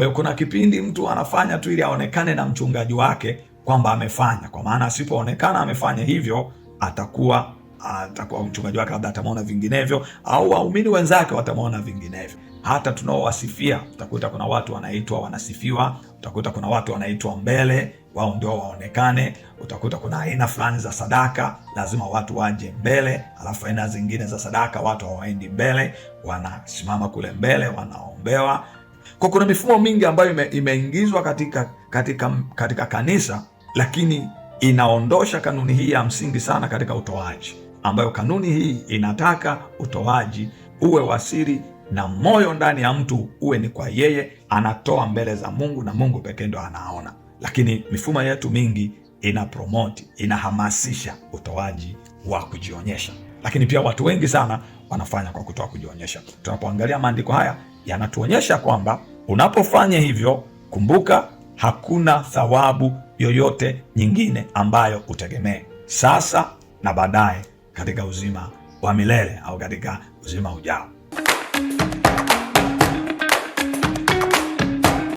Kwa hiyo kuna kipindi mtu anafanya tu ili aonekane na mchungaji wake kwamba amefanya, kwa maana asipoonekana amefanya hivyo atakuwa atakuwa mchungaji wake labda atamwona vinginevyo, au waumini wenzake watamwona vinginevyo. Hata tunaowasifia utakuta kuna watu wanaitwa wanasifiwa, utakuta kuna watu wanaitwa mbele, wao ndio waonekane. Utakuta kuna aina fulani za sadaka lazima watu waje mbele, alafu aina zingine za sadaka watu hawaendi mbele, wanasimama kule mbele, wanaombewa kwa kuna mifumo mingi ambayo imeingizwa katika, katika, katika kanisa, lakini inaondosha kanuni hii ya msingi sana katika utoaji, ambayo kanuni hii inataka utoaji uwe wa siri na moyo ndani ya mtu uwe ni kwa yeye anatoa mbele za Mungu na Mungu pekee ndo anaona. Lakini mifumo yetu mingi ina promoti, inahamasisha utoaji wa kujionyesha, lakini pia watu wengi sana wanafanya kwa kutoa kujionyesha. Tunapoangalia maandiko haya yanatuonyesha kwamba Unapofanya hivyo, kumbuka hakuna thawabu yoyote nyingine ambayo utegemee sasa na baadaye katika uzima wa milele au katika uzima ujao.